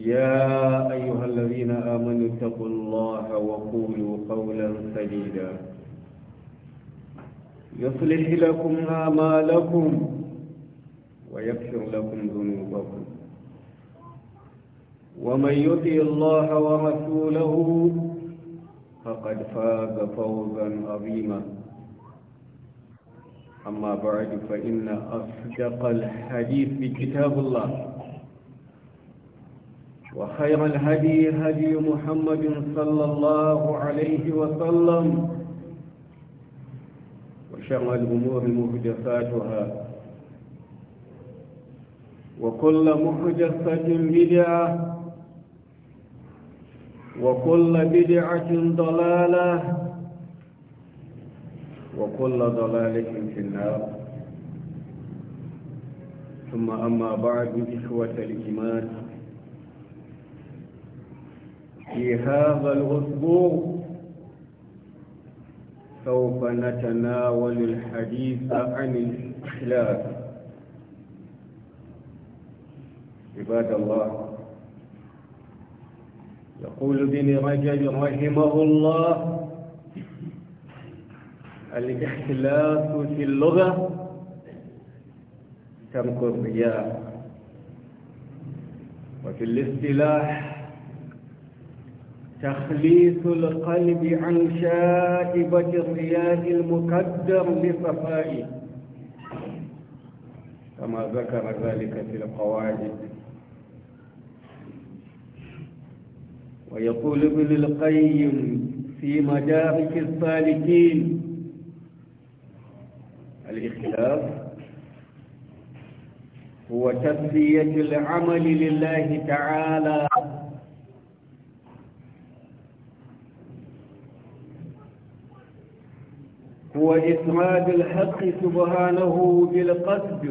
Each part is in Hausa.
يا أيها الذين آمنوا اتقوا الله وقولوا قولا سديدا يصلح لكم أعمالكم ويكفر لكم ذنوبكم ومن يطع الله ورسوله فقد فاز فوزا عظيما أما بعد فإن أصدق الحديث كتاب الله وخير الهدي هدي محمد صلى الله عليه وسلم وشر الأمور محدثاتها وكل محدثة بدعة وكل بدعة ضلالة وكل ضلالة في النار ثم أما بعد إخوة الإيمان في هذا الأسبوع سوف نتناول الحديث عن الإخلاص عباد الله يقول ابن رجب رحمه الله الإخلاص في اللغة تمكر الرياء وفي الاصطلاح تخليص القلب عن شائبة الرياء المكدر لصفائه كما ذكر ذلك في القواعد ويقول ابن القيم في مدارك السالكين الإخلاص هو تسلية العمل لله تعالى هو إسناد الحق سبحانه بالقصد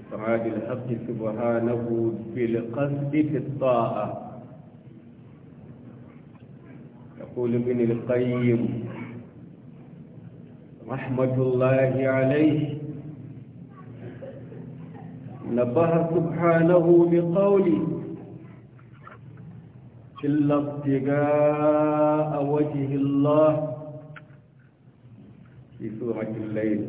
إسناد الحق سبحانه بالقصد في الطاعة يقول ابن القيم رحمة الله عليه نبه سبحانه بقوله إلا ابتغاء وجه الله في سورة الليل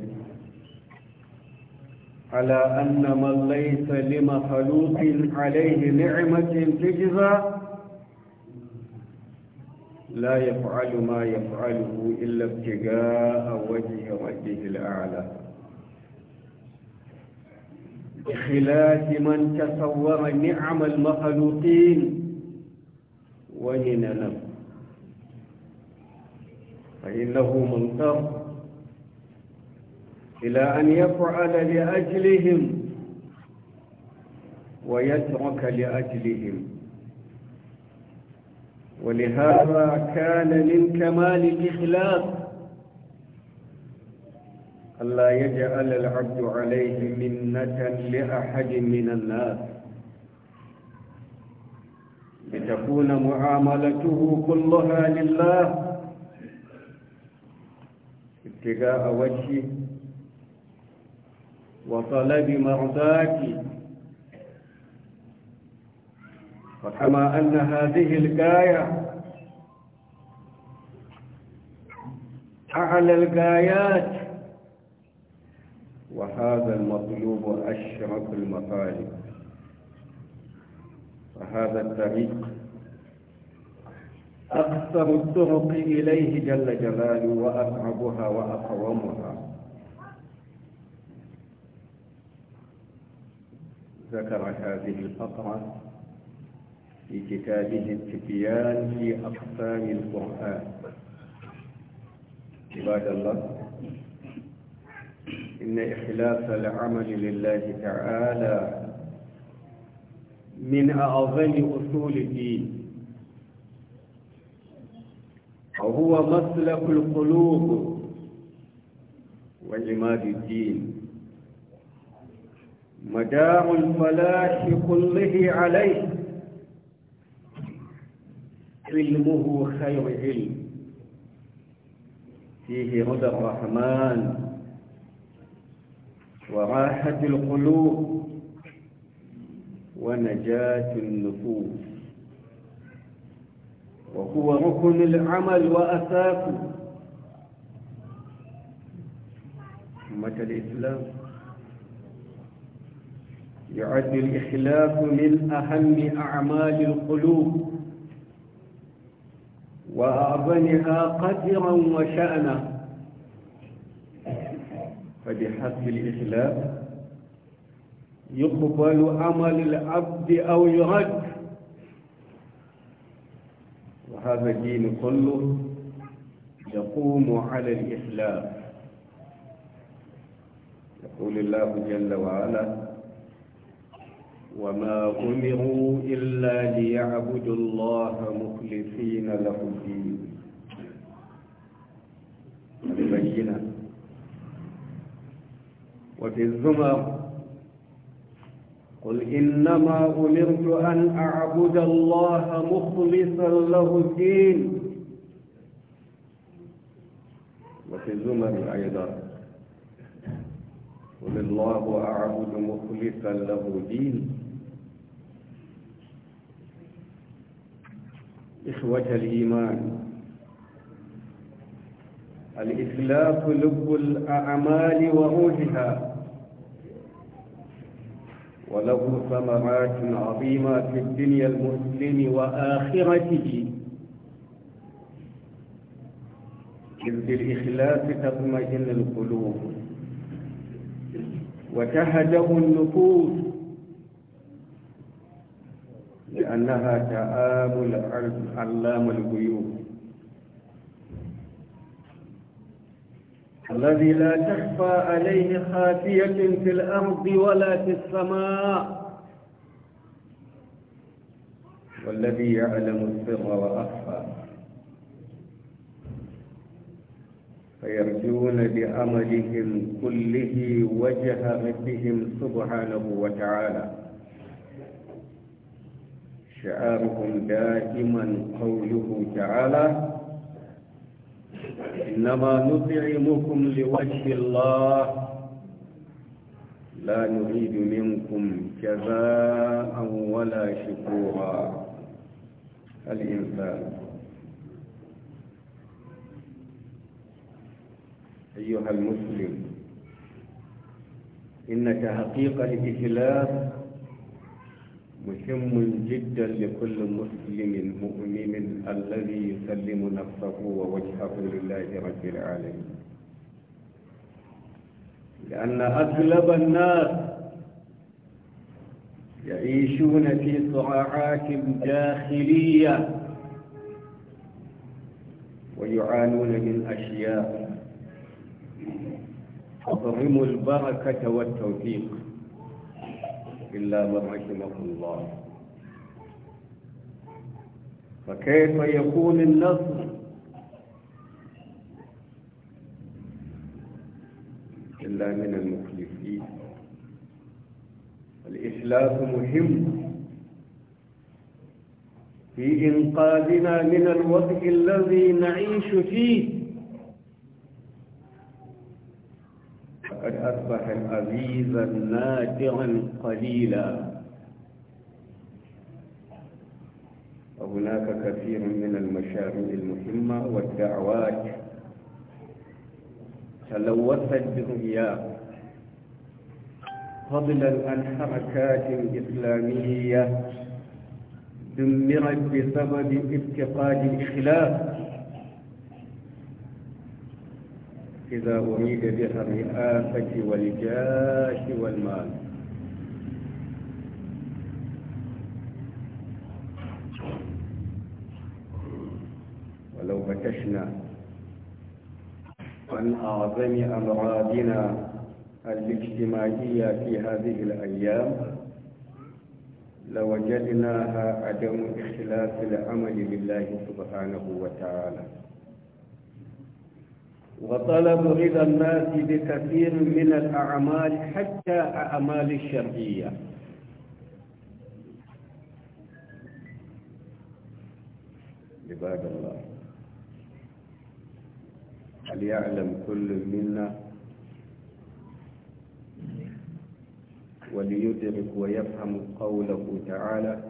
على أن من ليس لمخلوق عليه نعمة تجزى لا يفعل ما يفعله إلا ابتغاء وجه ربه الأعلى بخلاف من تصور نعم المخلوقين وين له فإنه منصر إلى أن يفعل لأجلهم ويترك لأجلهم ولهذا كان من كمال الإخلاق ألا يجعل العبد عليه منة لأحد من الناس لتكون معاملته كلها لله ابتغاء وجهه وطلب مرضاته وكما أن هذه الغاية أعلى الغايات وهذا المطلوب أشرف المطالب هذا الطريق أكثر الطرق إليه جل جلاله وأصعبها وأقومها ذكر هذه الفقرة في كتابه التبيان في أقسام القرآن عباد الله إن إخلاص العمل لله تعالى من أعظم أصول الدين وهو مسلك القلوب وعماد الدين مدار الفلاح كله عليه علمه خير علم فيه هدى الرحمن وراحة القلوب ونجاة النفوس وهو ركن العمل وأساسه أمة الإسلام يعد الإخلاص من أهم أعمال القلوب وأعظمها قدرا وشأنا فبحسب الإخلاص يقبل عمل العبد أو يرد وهذا الدين كله يقوم على الإسلام يقول الله جل وعلا وما أمروا إلا ليعبدوا الله مخلصين له الدين البينة وفي الزمر قل إنما أمرت أن أعبد الله مخلصا له الدين وفي الزمر أيضا قل الله أعبد مخلصا له دين إخوة الإيمان الإخلاص لب الأعمال وروحها وله ثمرات عظيمة في الدنيا المسلم وآخرته إذ بالإخلاص تطمئن القلوب وتهدأ النفوس لأنها تعامل علام الغيوب الذي لا تخفى عليه خافية في الأرض ولا في السماء والذي يعلم السر وأخفى فيرجون بعملهم كله وجه ربهم سبحانه وتعالى شعارهم دائما قوله تعالى إنما نطعمكم لوجه الله لا نريد منكم جزاء ولا شكورا الإنسان أيها المسلم إنك حقيقة الإخلاف مهم جدا لكل مسلم مؤمن الذي يسلم نفسه ووجهه لله رب العالمين لأن أغلب الناس يعيشون في صراعات داخلية ويعانون من أشياء تضرم البركة والتوفيق إلا من رحمه الله فكيف يكون النصر إلا من المخلفين الإخلاف مهم في إنقاذنا من الوضع الذي نعيش فيه أصبح عزيزا نادعا قليلا وهناك كثير من المشاريع المهمة والدعوات تلوثت برياء فضلا عن حركات إسلامية دمرت بسبب افتقاد الإخلاف إذا أريد بها الرئاسة والجاش والمال ولو فتشنا عن أعظم أمراضنا الاجتماعية في هذه الأيام لوجدناها عدم إخلاص العمل لله سبحانه وتعالى وطلب رضا الناس بكثير من الأعمال حتى أعمال الشرعية عباد الله هل يعلم كل منا وليدرك ويفهم قوله تعالى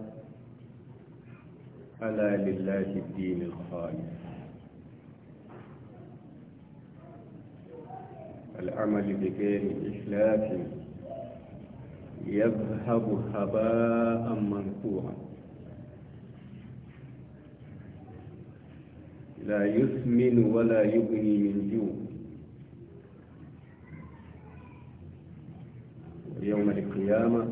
ألا لله الدين الخالص العمل بغير إخلاف يذهب هباء منثورا لا يثمن ولا يغني من جوع ويوم القيامه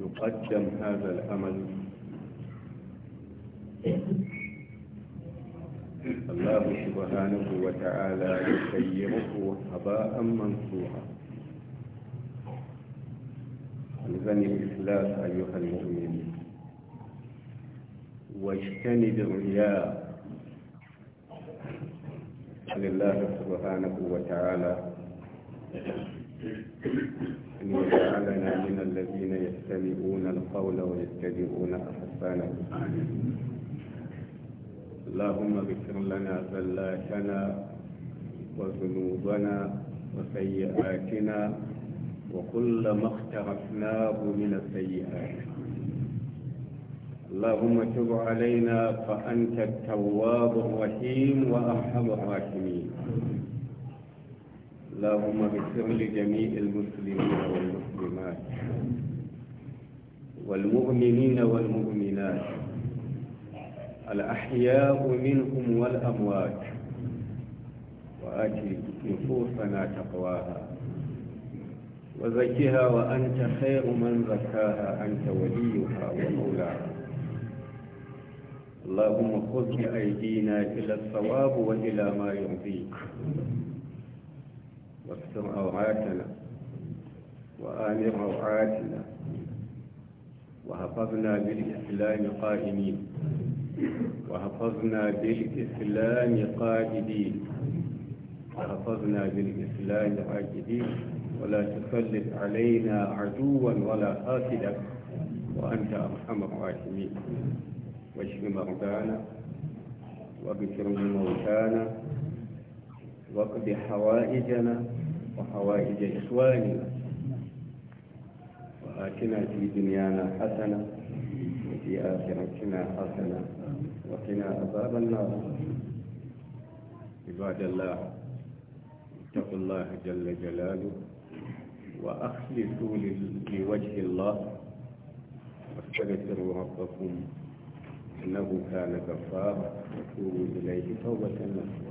يقدم هذا العمل الله سبحانه وتعالى يسيره هباء منصورا الغني الإخلاص أيها المؤمنين واجتنب الرياء لله سبحانه وتعالى أن يجعلنا من الذين يستمعون القول ويتبعون أحسانه اللهم اغفر لنا فلاتنا وذنوبنا وسيئاتنا وكل ما اقترفناه من السيئات اللهم تب علينا فأنت التواب الرحيم وأرحم الراحمين اللهم اغفر لجميع المسلمين والمسلمات والمؤمنين والمؤمنات الأحياء منهم والأموات وآتي نفوسنا تقواها وزكها وأنت خير من زكاها أنت وليها ومولاها اللهم خذ بأيدينا إلى الصواب وإلى ما يرضيك واستر أوعاتنا وآمر روعاتنا وحفظنا بالإسلام قائمين وحفظنا بالإسلام قائدين وحفظنا بالإسلام عاجدين ولا تسلط علينا عدوا ولا حاسدا وأنت أرحم الراحمين واشف مرضانا واغفر موتانا واقض حوائجنا وحوائج إخواننا آتنا في دنيانا حسنة وفي آخرتنا حسنة وقنا عذاب النار عباد الله اتقوا الله جل جلاله وأخلصوا لوجه الله واستغفروا ربكم إنه كان غفارا وتوبوا إليه توبة نصوحا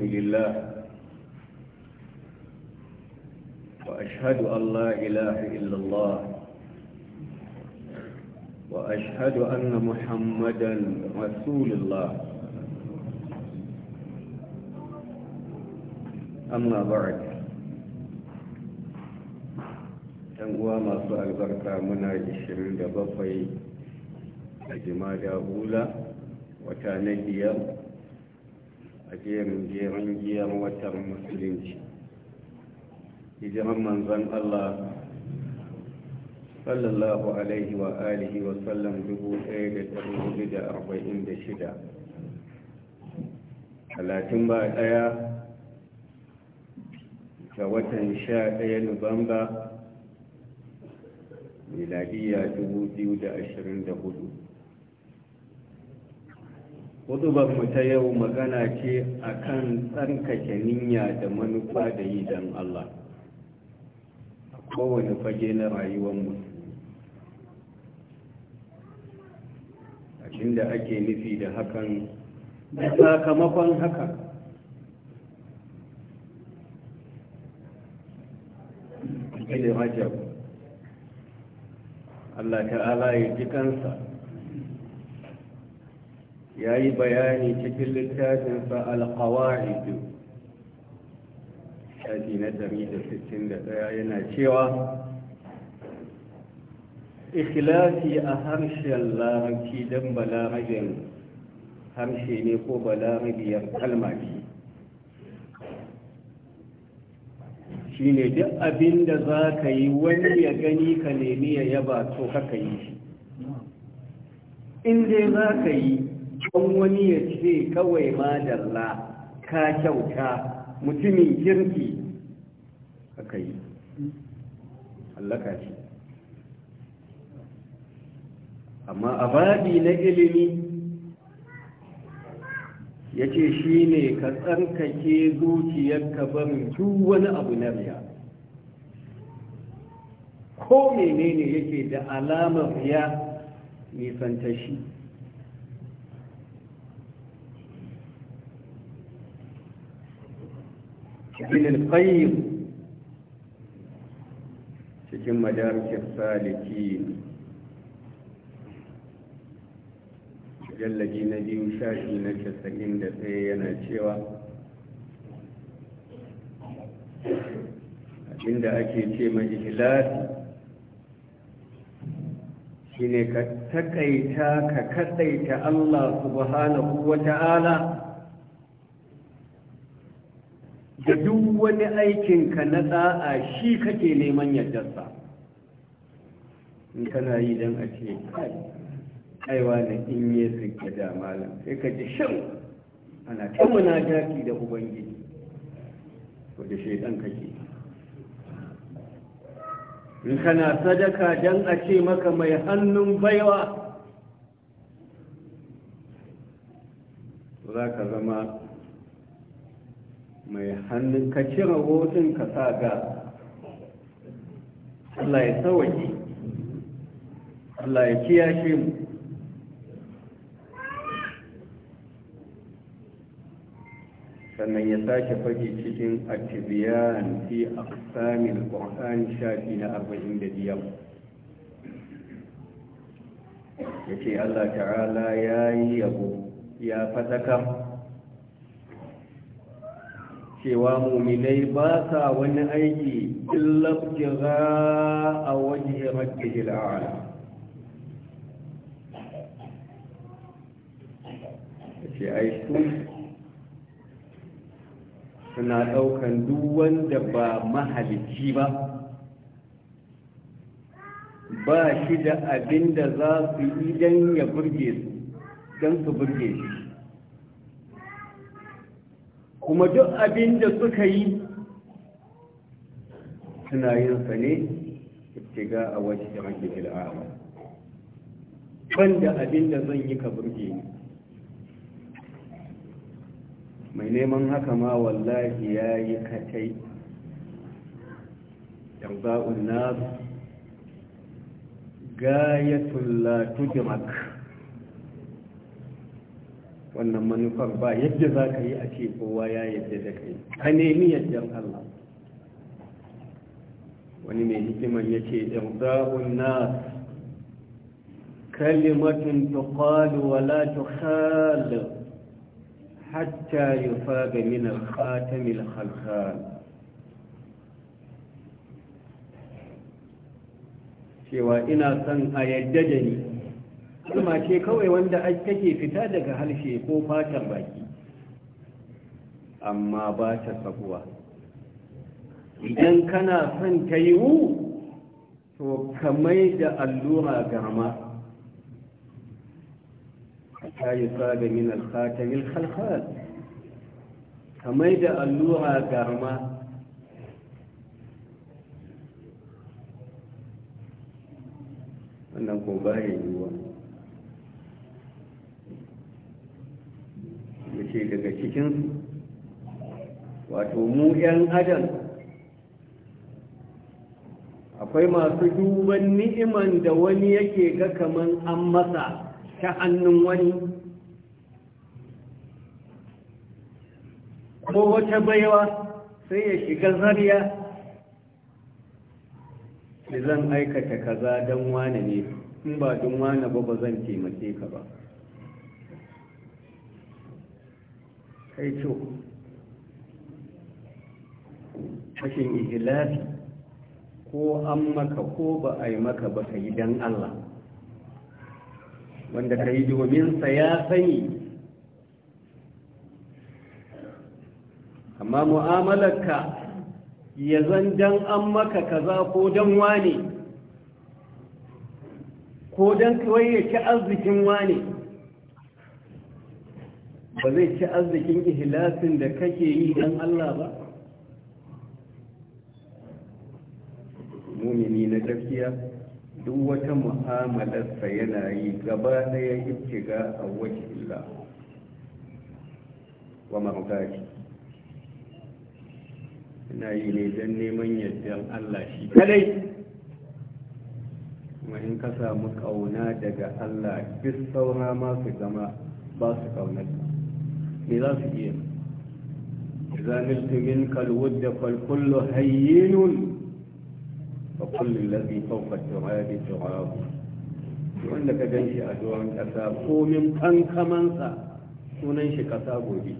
الحمد لله وأشهد أن لا إله إلا الله وأشهد أن محمدا رسول الله أما بعد uwa masu albarka muna 27 a jima'a ula wata na biyar a jerin jerin giyar watan musulunci hijiran manzan Allah sallallahu alaihi wa alihi wa sallam dubu ɗaya da hudu da arba'in da shida talatin ba ɗaya ga watan sha ɗaya nuwamba miladiya dubu hudubar mu ta yau magana ce akan tsarkake niyya da manufa da yi don Allah a kowane fage na rayuwar musulmi abin da ake nufi da hakan da sakamakon haka Allah ta'ala ya ji kansa ya yi bayani cikin littafinsa alkawari shafi na 161 yana cewa ikhlasi a harshen larabci don balarabin harshe ne ko balarabiyar kalmaki shi ne duk abin da za ka yi wani ya gani ka nemi ya yaba to kaka yi shi in dai za ka yi don wani ya ce kawai ma madalla ka kyauta mutumin kirki aka yi amma a babi na ilimi ya ce shi ne ka tsarkake zuciyar barin duk wani abu na riya ko menene yake da alamar riya nisan shi ibn qayyim cikin madarikin salikin jallabi na biyu na casa'in da tsaye yana cewa abinda ake ce mai ihlasi shine ka taƙaita ka kadaita Allah subhanahu wa ta'ala da duk wani aikinka na da'a shi kake neman yardarsa in kana yi don a ce kai aiwa na in yi suke da malam sai ka ji shan ana ta jaki da ubangiji ko da shaidan kake in kana sadaka don a ce maka mai hannun baiwa za ka zama mai hannun ka cire hotun ka sa ga Allah ya tsawaki Allah ya shi mu sannan ya sake fage cikin atibiyan fi aksamin ƙwaƙan shafi na arba'in da biyar. ya ce Allah ta'ala ya yi yabo ya fatakar cewa muminai ba sa wani aiki illabtira a waje rabbi ala ce aiki suna ɗaukan duk wanda ba mahalicci ba ba shi da abin da za su yi don ya burge su don su burge shi kuma duk abin da suka yi suna yin sa ne shiga a waje da mafi wanda abin da zan yi ka burge ni mai neman haka ma wallahi ya yi katai yarba'un nasu gayatun la wannan manufar ba yadda za ka yi a ce kowa ya yadda da kai ka nemi yadda Allah wani mai hikimar ya ce irza'un na kalimatun tuqalu wa la hatta yufaga min al-khatam al cewa ina son a yadda da ni kalma ce kawai wanda ake fita daga harshe ko fatar baki amma ba ta sabuwa idan kana son ta yiwu to kamai da allura garma ta yi tsada min alkhatamin halkhal kamai da allura garma wannan ko ba ya yiwuwa ke daga cikinsu wato mu 'yan adam akwai masu duban ni'iman da wani yake ga kaman an masa ta hannun wani ko wata baiwa sai ya shiga zariya zan aikata kaza don wane ne in ba don wane ba ba zan taimake ka ba sai eh, cikin rashin ihilafi ko an maka ko ba a yi maka ba ka yi don Allah wanda ka yi dominsa ya sani amma mu'amalarka ya zan dan an maka kaza ko dan wane ko dan kawai ya ci arzikin wane ba zai ci arzikin ihlasin da kake yi don Allah ba mumini na gaskiya duk wata mu'amalarsa yana yi gaba ɗaya ibtiga a wajen illa wa mahaukaci Ina yi ne don neman yaddan Allah shi kadai kuma in ka samu kauna daga Allah duk saura ma su zama ba su kaunar خلاف جيم إذا نلت منك الود فالكل هين فقل الذي فوق التراب تراب وعندك جنش أدوان كساب قوم قن كمنسا وننش كساب ودي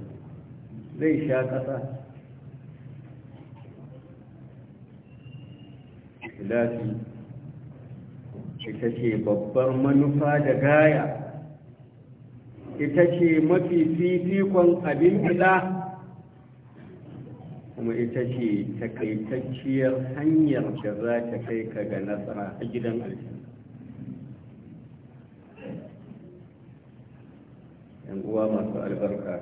زي لكن إخلاسي إتشي ببر منفاد غاية ita ce mafi fifikon abin gida kuma ita ce takaitacciyar hanyar da za ta kai ka ga nasara a gidan aljanna yan uwa masu albarka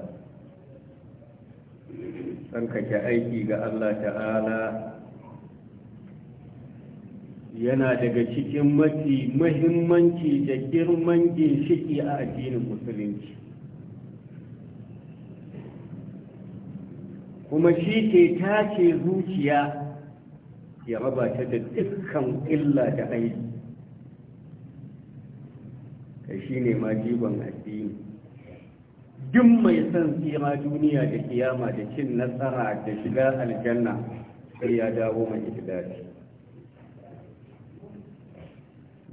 tsarkake aiki ga allah ta'ala yana daga cikin mafi mahimmanci da girman ginshiki a addinin musulunci kuma shi ke tace zuciya ya raba ta da dukkan illa da aiki ka shi ne ma addini duk mai son tsira duniya da kiyama da cin nasara da shiga aljanna sai ya dawo mai ikilasi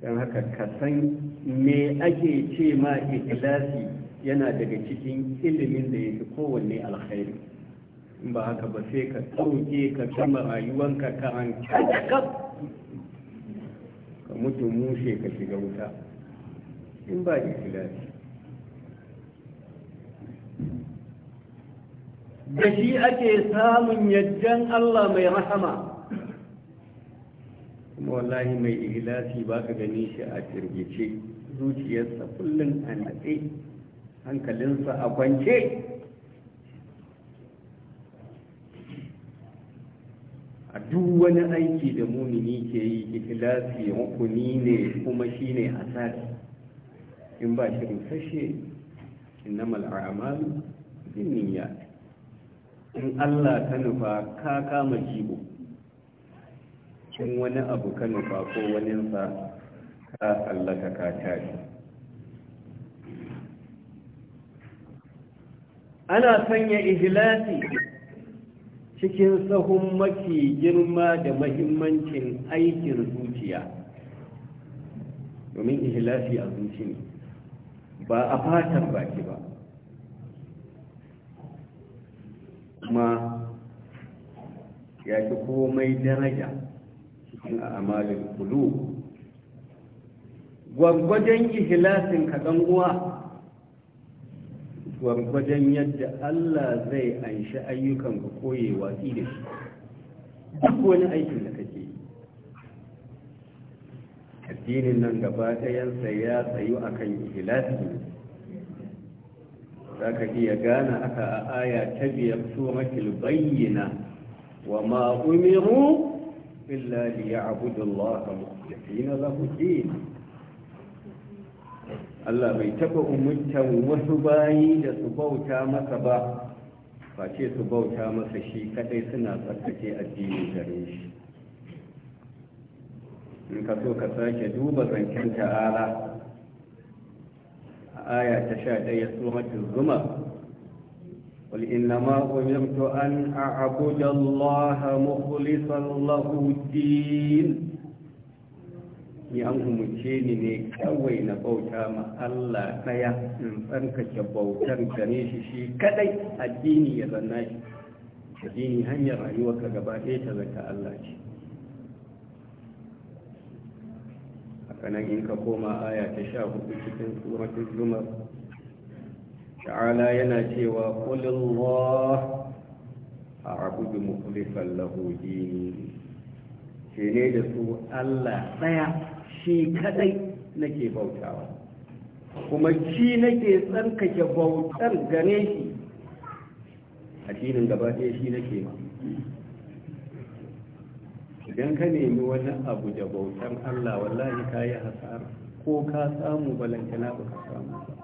don haka ka san me ake ce ma ikhlasi yana daga cikin ilimin da yake kowanne alkhairi in ba haka ba sai ka ɗauke ka kama rayuwanka ka an ka mutu mushe ka shiga wuta in ba ikhlasi da shi ake samun yajjan Allah mai rahama kuma wallahi mai ihlasi ba ka gani shi a firgice zuciyarsa kullum a natse hankalinsa a kwance a duk wani aiki da mumini ke yi ikhlasi hukuni ne kuma shi shine asali in ba shi rusashe innamal a'malu binniyat in Allah ta nufa ka kama jibo in wani abu ka nufa ko waninsa ka tsallaka ka tari ana sanya ihilasi cikin sahun mafi girma da mahimmancin aikin zuciya domin ihilasi a zuci ne ba a fatan baki ba kuma ya fi komai daraja min amalin kulu gwagwajen ihlasin ka dan uwa gwagwajen yadda Allah zai anshi ayyukan ka koye watsi da shi duk wani aikin da kake yi addinin nan gaba ɗayansa ya tsayu akan ihlasi za ka iya gane aka a aya ta biyar makil bayyana wa ma إلا ليعبدوا الله مخلصين له الدين Allah bai taɓa umurtan wasu bayi da su bauta masa ba face su bauta masa shi kadai suna tsarkake addini gare shi in ka so ka sake duba zancen ta'ala a aya ta sha ɗaya suratul zumar قل إنما أمرت أن أعبد الله مخلصا له الدين ni an umarce ni ne kawai na bauta ma Allah ɗaya in tsarkake bautar gare shi shi kadai addini ya zanna shi addini hanyar rayuwar gaba ɗaya ta zaka Allah ce haka nan in ka koma aya ta sha hudu cikin tsoron zumar ta'ala yana cewa kulillah a abudu mukhlisan lahu dini ce ne da su Allah ɗaya shi kadai nake bautawa kuma shi nake tsarkake bautar gare shi addinin gaba ɗaya shi nake ma idan ka nemi wani abu da bautar Allah wallahi ka yi hasara ko ka samu balantana ba ka samu ba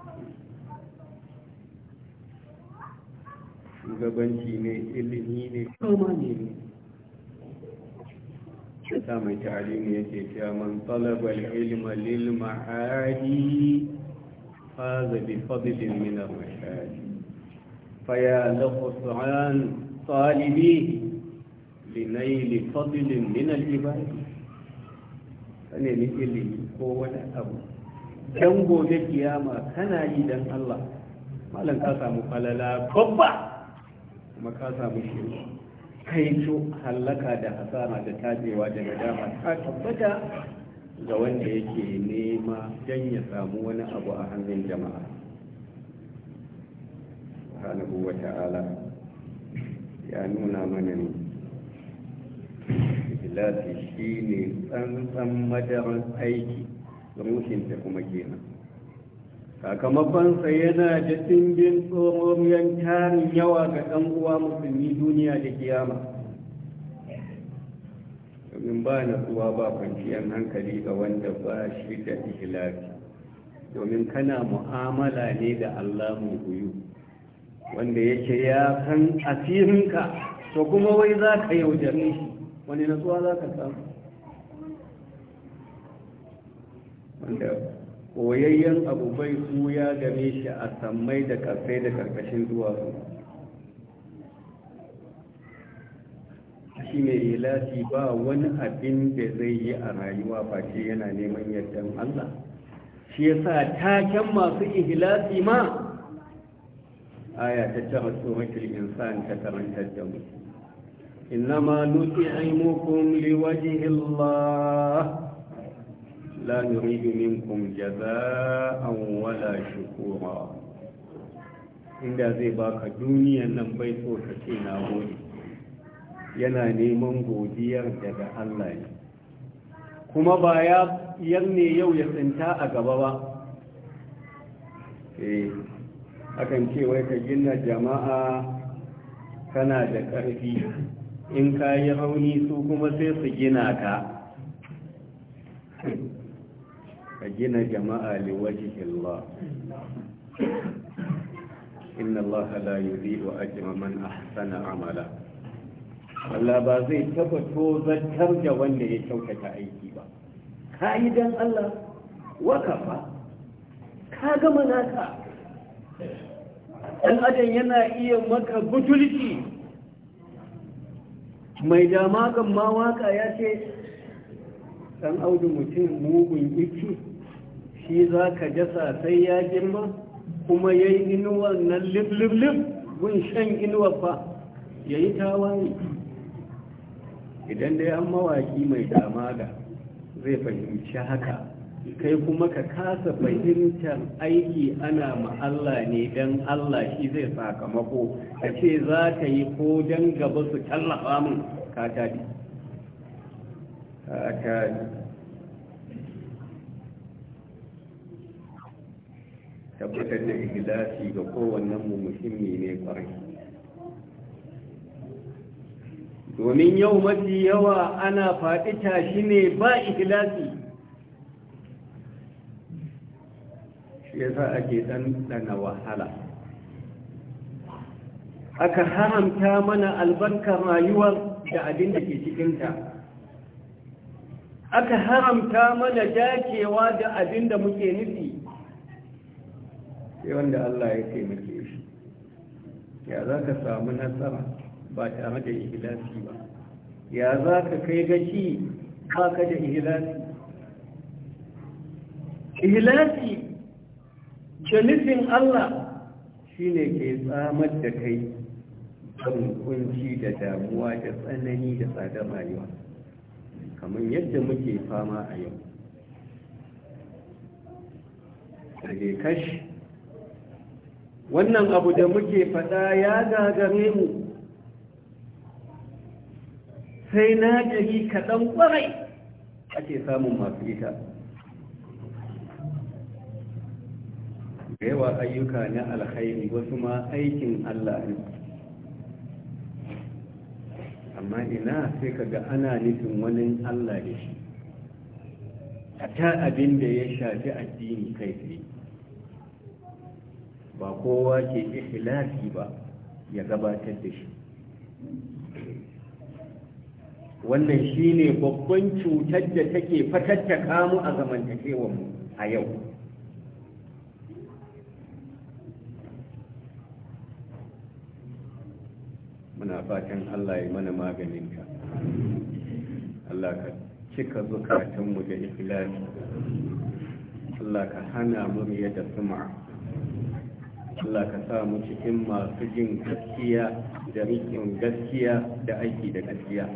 shugabanci ne ilimi ne kama ne ne ya sa mai tarihi yake cewa man talabar ilima lil ma'adi faza bi fadlin min al-mashadi faya lahu su'an talibi linaili fadlin min al-ibadi sane ni ilimi ko wani abu dan gobe kiyama kana yi don Allah malam ka samu falala babba makasa ka samu shi kai to hallaka da hasara da tajewa da nadama ta tabbata ga wanda yake nema don ya samu wani abu a hannun jama'a subhanahu wa ta'ala ya nuna mana ne shi ne tsantsan madarar aiki da mutunta kuma kenan sa yana da ɗimbin tsohon tarin yawa ga ɗan uwa musulmi duniya da kiyama domin ba na tsuwa ba kwanciyar hankali ga wanda ba shi da ihlaki domin kana mu'amala ne da allah mu huyu wanda yake ya san asirinka to kuma wai za ka yaudare shi wani tsuwa za ka samu koyayyen abu bai ya game shi a sammai da karfai da karkashin duwatsu shi ne ilasi ba wani abin da zai yi a rayuwa ba ce yana neman yadda Allah shi ya sa taken masu ihilasi ma aya ta ce masu makil insan ta karantar da mu innama nuti aimukum liwajihi Allah لا نريد منكم جزاء ولا شكورا inda zai baka duniyan nan bai so ka ce na gode yana neman godiyar daga Allah ne kuma ba ya yanne yau ya ta a gaba ba eh akan ce wai ka gina jama'a kana da ƙarfi in ka yi rauni su kuma sai su gina ka ka gina jama'a liwaji illa. inna Allah la yuri wa ajima man ahsana amala Allah ba zai taba zartar da wanda ya kyautata aiki ba ka yi don Allah wakafa ka gama naka dan adam yana iya maka butulci mai dama kan ma waka ya ce dan audu mutum mugun iki shi za ka jasa sai ya girma kuma ya yi inuwar nan lif-lif-lif gun shan inuwar fa ya yi tawaye idan dai an mawaki mai ga zai fahimci haka kai kuma ka kasa fahimtar aiki ana Allah ne don Allah shi zai sakamako a ce za ka yi ko don gaba su tallafa min ka tadi tabbatar da ikhlasi ga kowannen mu muhimmi ne kwarai domin yau mafi yawa ana faɗi tashi ne ba ikhlasi shi yasa ake ɗanɗana wahala aka haramta mana albarkar rayuwar da abin da ke cikinta aka haramta mana dacewa da abin da muke nufi sai wanda Allah ya taimake shi ya za ka samu nasara ba tare da ihilasi ba ya za ka kai gaci ba ka da ihilasi ihilasi nufin Allah shi ne ke tsamar da kai kan kunci da damuwa da tsanani da tsada rayuwa kamar yadda muke fama a yau da kashi wannan abu da muke faɗa ya gagare mu sai na gari kaɗan ƙwarai ake samun masu ita da yawa ayyuka na alkhairi wasu ma aikin Allah ne amma ina sai kaga ana nufin wani Allah da shi a ta abin da ya shafi addini kai tsaye ba kowa ke ihlasi ba ya gabatar da shi wannan shine babban cutar da take ta kamu a zamantakewar mu a yau muna fatan Allah ya mana maganinka Allah ka cika zukatanmu da ikhlasi Allah ka hana mu da sum'a Allah ka sa mu cikin masu jin gaskiya da rikin gaskiya da aiki da gaskiya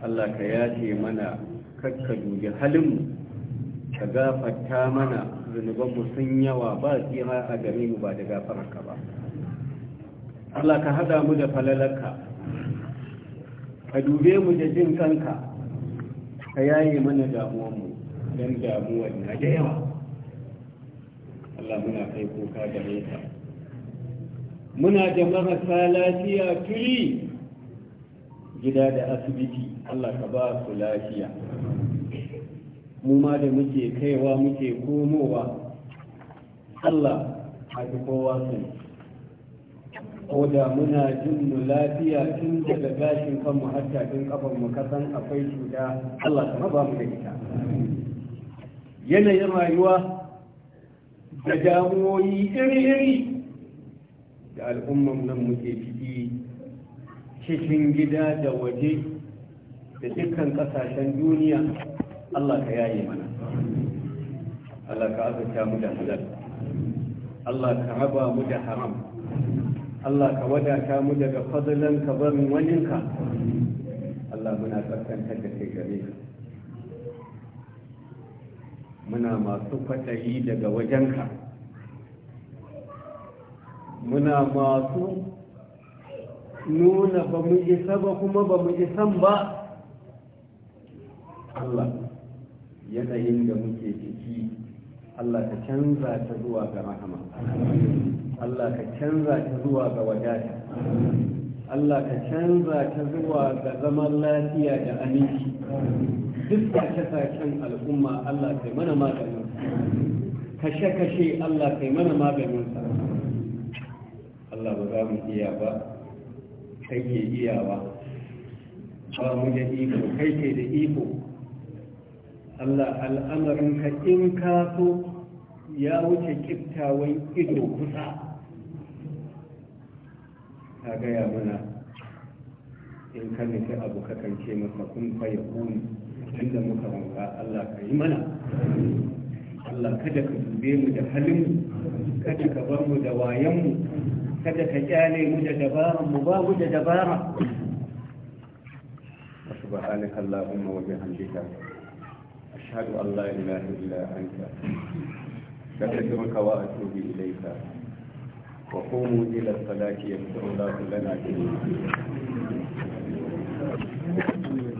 Allah ka yace mana kakka dubi mu ka gafata mana zunubanmu sun yawa ba tsira a gare mu ba da gafararka ba Allah ka haɗa mu da falalarka ka dube mu da jin kanka ka yaye mana damuwanmu don damuwan na da yawa Allah muna kai kuka da ka muna jama'a marasa lafiya turi gida da asibiti Allah ka ba su lafiya mu ma da muke kaiwa muke komowa Allah a kowa sun. ko da muna jin mu lafiya tun daga gashin kanmu har tafin kafan mu kasan akwai cuta Allah ka ba mu da ita yanayin rayuwa da damuwoyi iri-iri da al'ummar nan muke ciki cikin gida da waje da dukkan kasashen duniya Allah ka yaye mana Allah ka azurta mu da halal Allah ka raba mu da haram Allah ka wadata mu daga fadlan ka barin waninka Allah muna tsarkantar da kai gare ka muna masu kwaɗayi daga wajenka muna masu nuna ba mu isa ba kuma ba mu isan ba Allah yanayin da muke ciki Allah ka canza ta zuwa ga rahama Allah ka canza ta zuwa ga wadata Allah ka canza ta zuwa ga zaman lafiya da aminci duk da ta sacen al'umma Allah kai mana maganin kashe-kashe Allah kai mana maganin sa Allah ba za mu iya ba kai ke iyawa ba mu da iko kai ke da iko Allah al'amarin ka in ka so ya wuce kiftawan ido kusa ta gaya mana in ka nufi abu ka kance masa kun fa ya kuni inda muka roƙa Allah ka yi mana Allah kada ka dube mu da halin kada ka bar mu da wayan mu kada ka kyale mu da dabaran mu ba mu da dabara سبحانك اللهم وبحمدك أشهد أن لا إله إلا أنت نستغفرك وأتوب إليك وقوموا إلى الصلاة يغفر الله لنا جميعا